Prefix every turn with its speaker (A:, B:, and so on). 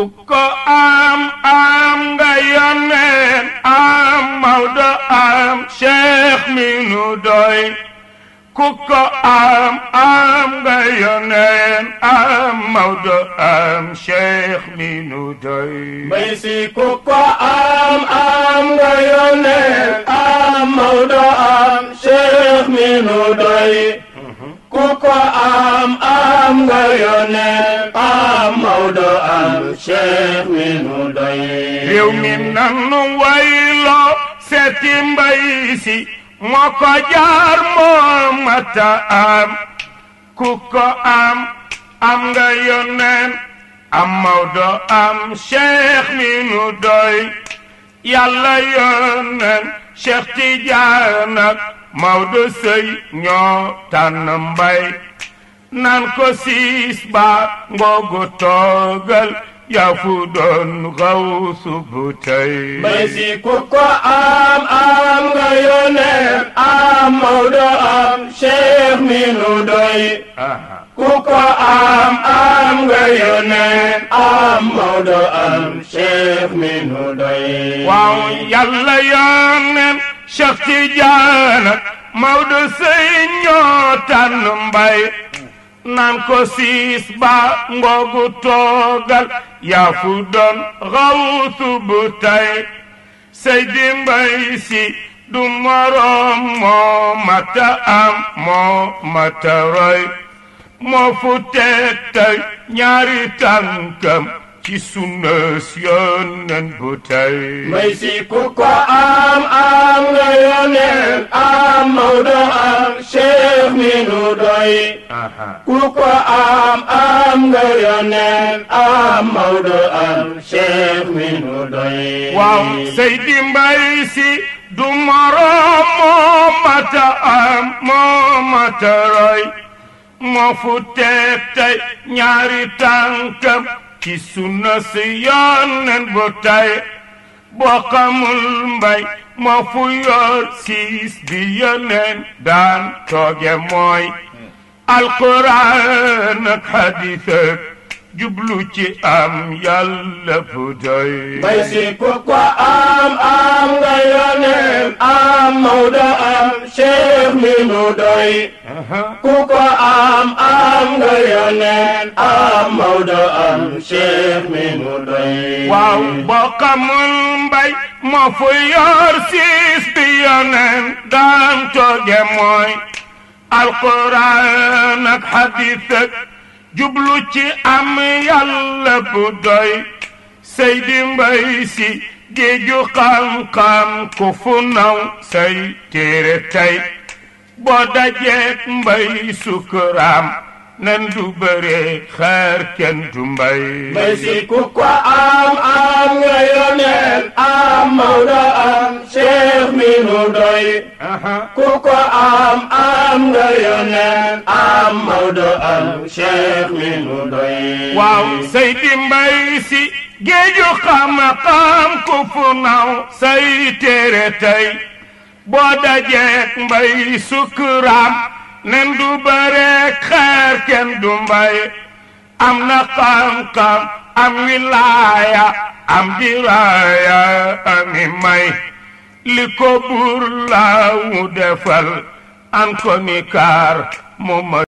A: ku ko am am nga yoneen am Maodo am Cheikh mi nu doy ku ko am am nga yoneen am Maodo am Cheikh mi nu doy ku ko am am nga yoneen am Maodo am Cheikh mi nu doy mhm. nga yónnee am Maodo am Cheikh wi jaar moo mata am ku am am nga yónneen am Maodo am Cheikh mi nu doy yàlla yónneen Cheikh Tidiane ak Maodo sëy ñoo tànn mbay naan siis ba ngoogu toogal yaa doon xawsu bu tey may ku ko am am nga yoneen am Mawdo am Cheikh mi nu doy ku ko am am nga yoneen am Mawdo am Cheikh mi nu doy waaw naan ko siis ba ngoogu toogal yaa fu doon xawutu bu tey say di mbay du moroom moo mata am moo mata roy moo fu teg tey ñaari tànkam ci sunna si bu tey mbay ku ko am am nga yónneen am Maodo yi ku ko am am nga yoneen am Maodo am Cheikh mi nu doy waaw Seydi Mbaye Sy du moroom moo mata am moo mata roy moo fu tey ñaari tànkam ci sunna si yoneen bu tey boo xamul mbay moo siis bi yoneen daan tooge mooy alquran ak xadis jublu ci am yàlla fu doy bay si ko ko am am nga yoneen am Mawda am Cheikh mi nu doy ku ko am am nga yoneen am Mawda am Cheikh mi nu doy waaw bokkamul mbay moo fu yor siis bi yoneen daan tooge mooy alquran ak xadis jublu ci am yàlla bu doy Seydi Mbay Si géeju xam-xam ku fu naw say téere tey boo dajeek mbay sukuraam nan du bëree xeer kenn du mbay mbay si ku ko am am nga yoneel am mawda nu doy ku ko am am nga yoneen am Maodo am Cheikh mi nu doy waaw Seydi Mbaye Sy géeju xam-xam ku fu naw say téere tey boo dajeek mbay sukkuraam nen du bëreek xeer kenn du mbay am na xam-xam am wilaaya am diraaya ami may li ko buur laaw defal an ko ni